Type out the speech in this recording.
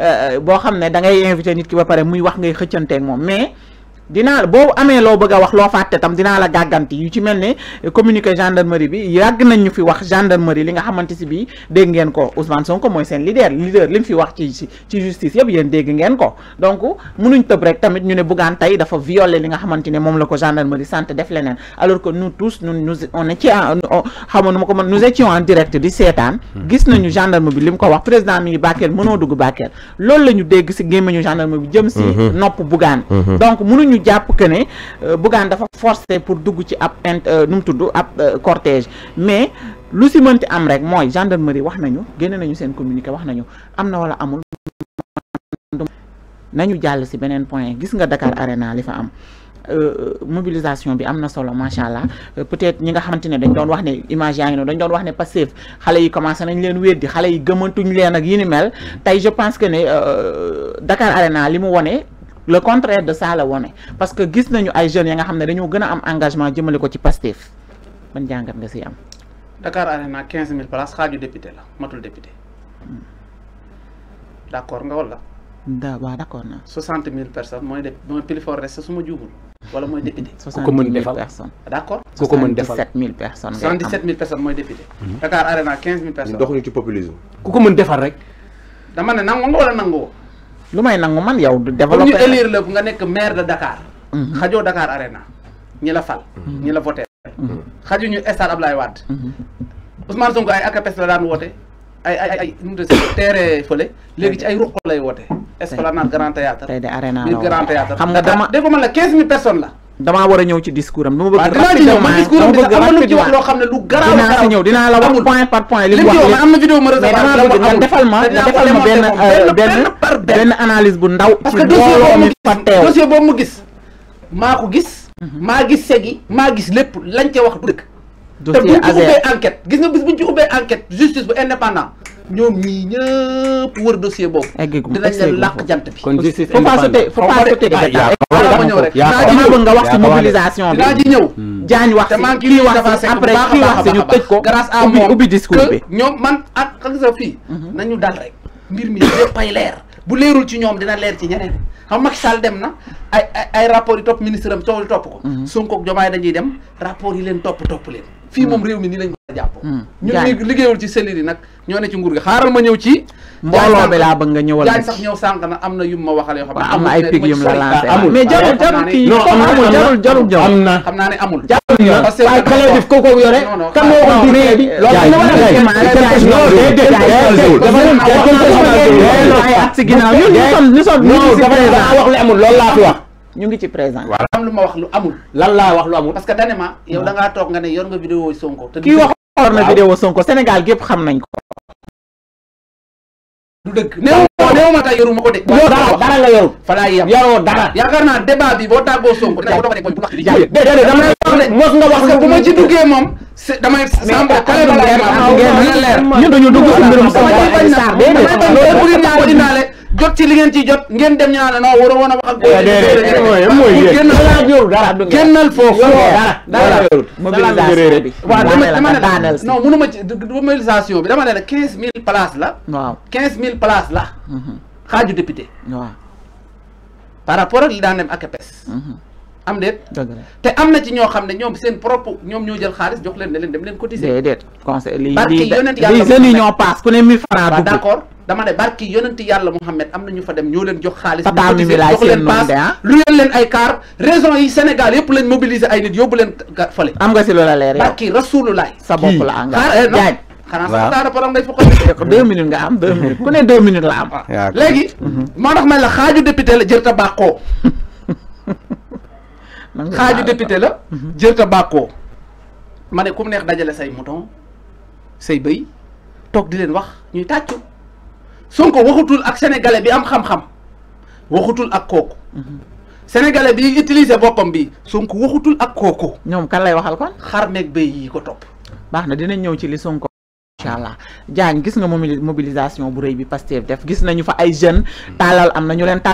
Euh, boo xam ne da ngay invité nit ki ba pare muy wax ngay xëccanteeg moom mais dinaa boo amee loo bëgg a wax loo fàtte tam dinaa la gàgganti yu ci mel ne communiqué gendarmerie bi yàgg nañ ñu fi wax gendarmerie li nga xamante si bii dégg ngeen ko Ousmane Sonko mooy seen leader leader li mu fi wax ci ci justice yëpp yéen dégg ngeen ko donc mënuñ tëb rek tamit ñu ne Bougane tey dafa violé li nga xamante ne moom la ko gendarmerie sant def leneen alors que nous tous nous nous on est ci xamoon ma ko man nous étions en direct di seetaan hmm. gis nañu li mu ko wax président mi ngi Bakel mënoo dugg Bakel loolu la ñu dégg si gémmiñu gendarme bi jëm si hmm. nopp Bougane hmm. donc mënuñu pour que ne euh, dafa forcé pour dugg ci ap euh, nous euh, cortège mais lu ci mënti am rek moy gendarmerie wax nañu génne nañu sen communiqué wax nañu wala amul nañu jall ci benen point gis nga Dakar Arena li fa am mobilisation bi am solo machallah peut-être ñi nga xamantene dañ doon wax ne image yaa ngi doon wax ne xalé yi commencé nañ leen yi je pense que ne Dakar Arena limu le contraire de ça la wone parce que gis nañu ay jeunes yi nga xamné dañu gëna am engagement jëmale ko ci Pastef ban jàngat nga ci am. Dakar Arena 15000 places xaaju député la matul député hmm. d'accord nga wala. da ba D'accord, na 60000 personnes moy de mooy pile fort reste suma ma wala moy député. 60000 personnes. d'accord accord defal 77000 personnes. ngay 77000 personnes moy député. Hmm. Dakar Arena 15000 personnes. doxuñu ci populisme. ku ko mën defal rek. dama ne nangu nga wala nangu lu may nangu man yow. développé comme ñu élire nga nekk maire de Dakar. Mm-hmm. xajoo Dakar Arena ñi la fal. Mm-hmm. ñi la voté. Mm-hmm. xaju ñu stade Ablaye Wade. Ousmane Sonko ay akapes la daan woote ay ay ay nu teere fële léegi ci ay ruq lay woote. Esplanade Grand Théâtre. tey de Arena la grand Théâtre. xam nga dama déggoo man la 15000 personnes la. damaa war a ñëw ci discours am. dama bëgg rapidement man discours am sax am na lu ci wax loo xam ne lu garaaw dinaa si ñëw la wax point par point li mu wax lépp am na vidéo ma réservé damaa bëgg nga defal ma nga defal ma benn euh, benn benn analyse bu ndaw. parce que dossier mu gis maa ko gis. Mhm. maa gis segi maa gis lépp lañ ca wax du dëkk. te buñ ci ubbee enquête gis nga bis buñ ci ubbee enquête justice bu indépendant. ñoom ñii ñëpp wër dossier boobu. dinañ leen làq jant bi. faut pas sauter faut pas sauter mi bu leerul ci ñoom dina leer ci ñeneen xam Macky Sall dem na ay ay rapport yi top, ministre am top, ko. Mhm. Sonko ak Diomaye dañuy dem rapport yi leen top topp leen. fii mhm. moom réew mi lañ ko ñun ñu liggéeyul ci cellules yi nag ñoo ci nguur gi xaaral ma ñëw ci mbooloo bi laa bëgg nga ñëwal jaañ sax ñëw sànq am na ma waxale yoo xam ne ay pig yum la lancé amul mais xam naa ne amul jarul parce def ko ko yore kan moo ko dundee bi ñu war a def ay at si ginnaaw ñun wax lu amul ma wax lu amul lan laa wax lu amul parce que dane ma yow da toog nga ne yor nga vidéo Sonko kii wax or na vidéo Sonko Sénégal gépp xam nañ ko. du dëgg néew ma néew ma kay yoruma ko de. dara dara nga yoru. fa laay yam yoroo dara. yaakaar naa débat bi boo tàggoo Sonko dinañ ko doog a def ba ñu wax. déedéet dama lay wax ne mos nga wax. parce que bu ma ci duggee moom. damay sàmb kale ba leer. ñun dañu dugg si mbirum Sonko. damay bañ na damay bañ na lépp lu ñu ko indaale. jot ci li ngeen ciy jot ngeen dem ñu naan non waroo woon a wax ak. Eh, mooy génnal foofu. dara dara mobilisation bi. waaw dama ne daaneel si non mënuma ci mobilisation bi dama ne la quinze mille places la. waaw quinze mille places la. Mm-hmm. xaaju député. waaw par rapport ak li daan dem ak pes mm-hmm. am déet. te am na ci ñoo xam ne ñoom seen propre ñoom ñoo jël xaalis jox leen ne leen dem leen cotiser. déedéet conseil lii lii lii seen union passe ku ne mille francs. d'accord. dama ne barki yonenti yalla muhammad amna ñu fa dem ñoo leen jox xaalis. ñu jox leen paas ah. lu yeen leen ay car raison yi senegal yëpp leen mobiliser ay nit yóbbu leen fële. am nga ci lola leer yow barki rasulullah sa bop la engrais eh, jaaj xanaa sax daara param ngay fukk 2 minutes nga am 2 minutes ku ne 2 minutes la am. léegi. Mhm. mo tax mel la xaju député la jërta bako xaju député la mhm. jërta bàkkoo ma ne ku neex dajale say mouton say beuy tok di len wax ñuy tàccu Sonko waxutul ak sénégalais bi am xam-xam waxutul ak kooku. sénégalais bi utiliser boppam bi Sonko waxutul ak kooku. ñoom kan lay waxal kon. xar meeg béy yi ko topp. baax na dinañ ñëw ci li Sonko. incha allah jaan gis nga mobilisation bu rëy bi Pastef def gis nañu fa ay jeunes. taalal am na ñu leen